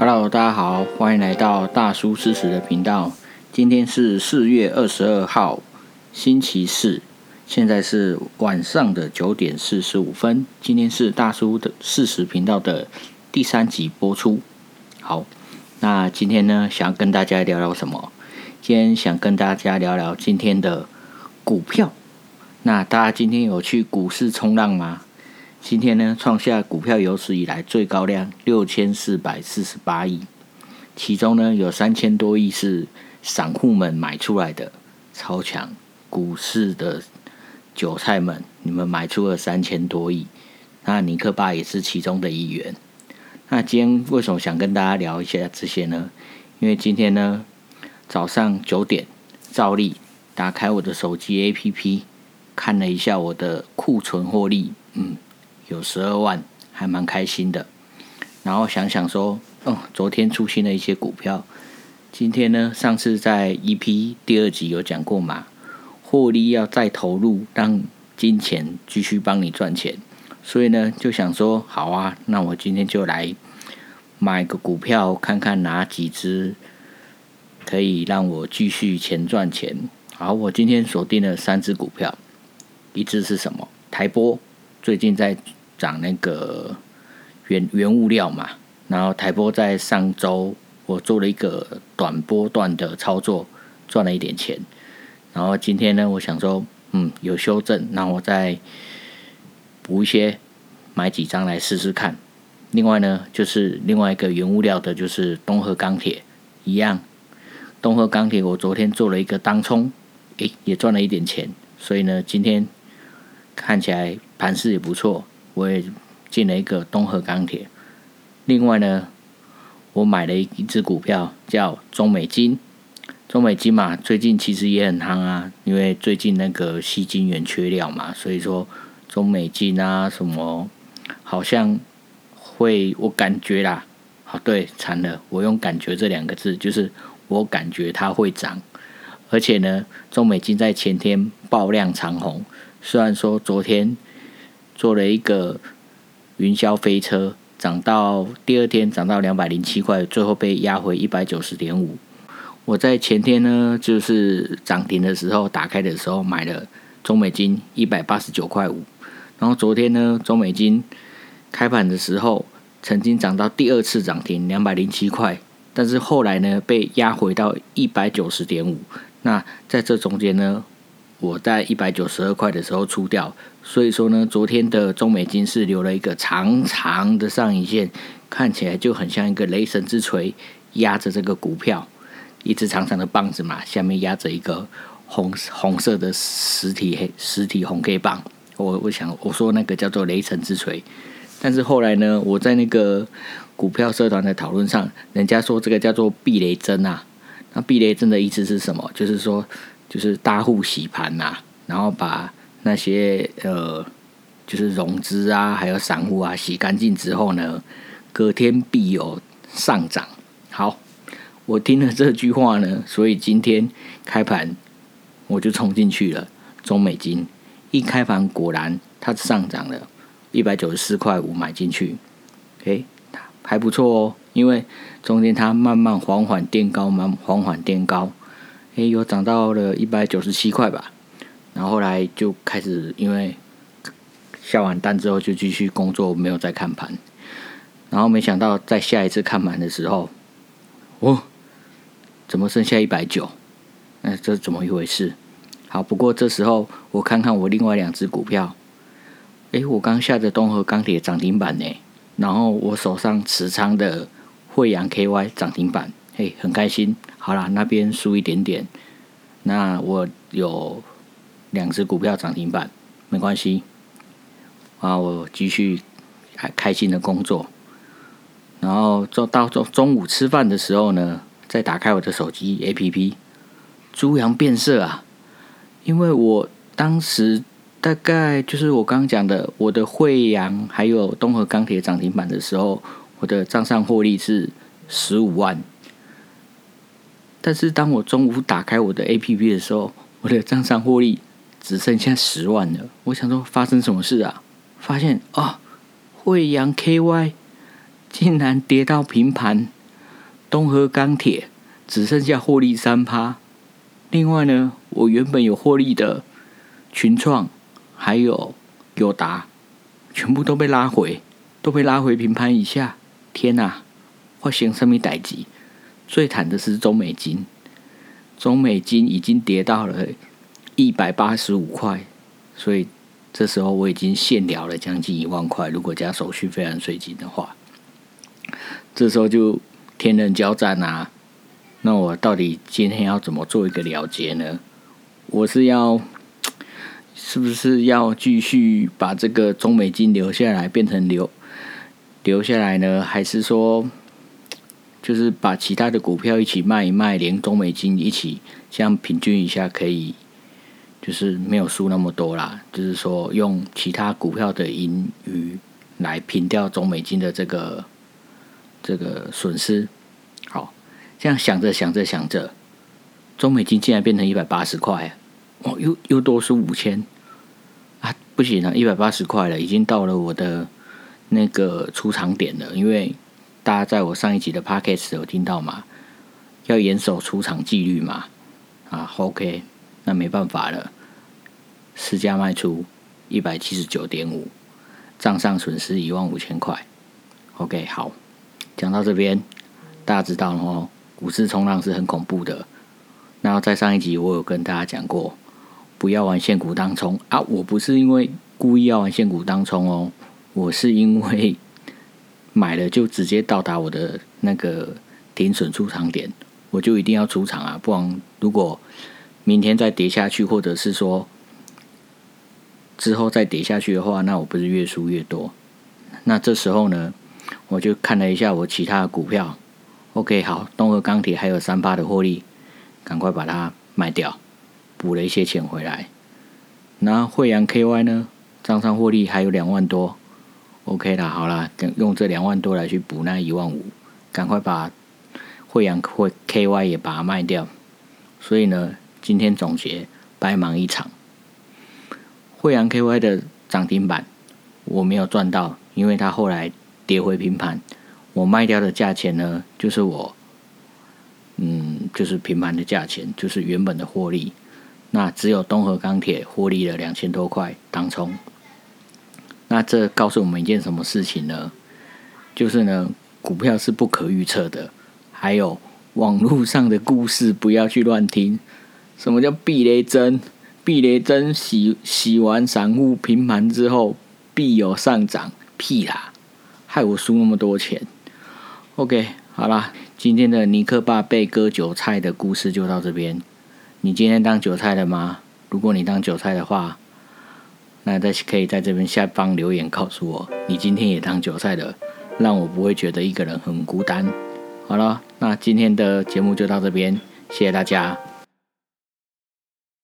Hello，大家好，歡迎來到大叔四十的頻道。今天是四月二十二號，星期四，現在是晚上的九點四十五分。今天是大叔的四十頻道的第三集播出。好，那今天呢，想跟大家聊聊什麼？今天想跟大家聊聊今天的股票。那大家今天有去股市衝浪嗎？今天呢，創下股票有史以來最高量六千四百四十八億，其中呢有三千多億是散戶們買出來的，超強股市的韭菜們，你們買出了三千多億，那尼克爸也是其中的一員。那今天為什麼想跟大家聊一下這些呢？因為今天呢早上九點，照例打開我的手機 APP，看了一下我的庫存獲利，嗯。有十二萬，還蠻開心的。然後想想說，哦、嗯，昨天出現了一些股票，今天呢，上次在 EP 第二集有講過嘛，獲利要再投入，讓金錢繼續幫你賺錢。所以呢，就想說，好啊，那我今天就來買個股票，看看哪幾隻可以讓我繼續錢賺錢。好，我今天鎖定了三隻股票，一支是什麼？台玻最近在。漲那個原原物料嘛，然後台波在上周我做了一個短波段的操作，賺了一點錢。然後今天呢，我想說，嗯，有修正，那我再補一些，買幾張來試試看。另外呢，就是另外一個原物料的，就是東和鋼鐵一樣。東和鋼鐵我昨天做了一個當沖，誒、欸，也賺了一點錢。所以呢，今天看起來盤勢也不錯。我也進了一個東和鋼鐵。另外呢，我買了一支股票叫中美晶。中美晶嘛，最近其實也很夯啊，因為最近那個矽晶圓缺料嘛，所以說中美晶啊什麼好像會，我感覺啦，好對，慘了，我用感覺這兩個字，就是我感覺它會漲。而且呢，中美晶在前天爆量長紅，雖然說昨天。做了一個雲霄飛車，漲到第二天漲到兩百零七塊，最後被壓回一百九十點五。我在前天呢，就是漲停的時候打開的時候買了中美晶一百八十九塊五，然後昨天呢，中美晶開盤的時候曾經漲到第二次漲停兩百零七塊，但是後來呢，被壓回到一百九十點五。那在這中間呢，我在一百九十二塊的時候出掉，所以說呢，昨天的中美晶是留了一個長長的上影線，看起來就很像一個雷神之錘壓着這個股票，一支長長的棒子嘛，下面壓着一個紅紅色的實體黑實體紅 K 棒。我我想我說那個叫做雷神之錘，但是後來呢，我在那個股票社團的討論上，人家說這個叫做避雷針啊，那避雷針的意思是什麼？就是說。就是大戶洗盤啦、啊，然後把那些呃，就是融資啊，還有散戶啊，洗乾淨之後呢，隔天必有上漲。好，我聽了這句話呢，所以今天開盤我就衝進去了。中美金一開盤果然它上漲了，一百九十四塊五買進去，哎、欸，還不錯哦，因為中間它慢慢緩緩墊高，慢緩緩墊高。哎，有漲到了一百九十七塊吧，然後後來就開始，因為下完單之後就繼續工作，沒有再看盤，然後沒想到在下一次看盤的時候，哦，怎麼剩下一百九？哎，這怎麼一回事？好，不過這時候我看看我另外兩只股票，哎，我剛下的東和鋼鐵漲停板呢，然後我手上持倉的惠陽 KY 漲停板。哎、Hey，很開心。好了，那邊輸一點點，那我有兩隻股票漲停板，沒關係。啊，我繼續開心的工作。然後到到中中午吃飯的時候呢，再打開我的手機 APP，豬羊變色啊！因為我當時大概就是我剛講的，我的慧洋還有東和鋼鐵漲停板的時候，我的賬上獲利是十五萬。但是當我中午打開我的 APP 的時候，我的賬上獲利只剩下十萬了。我想說發生什麼事啊？發現啊、哦，惠陽 KY 竟然跌到平盤，東和鋼鐵只剩下獲利三趴。另外呢，我原本有獲利的群創還有友達，全部都被拉回，都被拉回平盤以下。天吶、啊，發生什麼代志？最慘的是中美金，中美金已經跌到了一百八十五塊，所以這時候我已經現了了將近一萬塊，如果加手續費和稅金的話，這時候就天人交戰啊！那我到底今天要怎麼做一個了結呢？我是要是不是要繼續把這個中美金留下來變成留留下來呢？還是說？就是把其他的股票一起賣一賣，連中美金一起，這樣平均一下，可以就是沒有輸那麼多啦。就是說，用其他股票的盈餘來平掉中美金的這個這個損失。好，這樣想着想着想着，中美金竟然變成一百八十塊，哇、哦，又又多輸五千啊！不行了、啊，一百八十塊了，已經到了我的那個出場點了，因為。大家在我上一集的 podcast 有聽到嗎？要嚴守出場紀律嗎？啊，OK，那沒辦法了，私家賣出一百七十九點五，賬上損失一萬五千塊。OK，好，講到這邊，大家知道哦，股市衝浪是很恐怖的。那在上一集我有跟大家講過，不要玩現股當衝啊！我不是因為故意要玩現股當衝哦，我是因為。買了就直接到達我的那個停損出場點，我就一定要出場啊，不然如果明天再跌下去，或者是說之後再跌下去的話，那我不是越輸越多？那這時候呢，我就看了一下我其他的股票，OK，好，東和鋼鐵還有三八的獲利，趕快把它賣掉，補了一些錢回來。那惠陽 KY 呢，賬上獲利還有兩萬多。OK 啦，好了，用這兩萬多來去補那一萬五，趕快把慧洋 KY 也把它賣掉。所以呢，今天總結，白忙一場。慧洋 KY 的漲停板我沒有賺到，因為它後來跌回平盤。我賣掉的價錢呢，就是我，嗯，就是平盤的價錢，就是原本的獲利。那只有東和鋼鐵獲利了兩千多塊，當沖。那這告訴我們一件什麼事情呢？就是呢，股票是不可預測的，還有網絡上的故事不要去亂聽。什麼叫避雷針？避雷針洗洗完散戶平盤之後必有上漲？屁啦！害我輸那麼多錢。OK，好啦，今天的尼克爸被割韭菜的故事就到這邊。你今天當韭菜了嗎？如果你當韭菜的話。那大家可以在這邊下方留言告訴我，你今天也當韭菜了，讓我不會覺得一個人很孤單。好了，那今天的節目就到這邊，謝謝大家。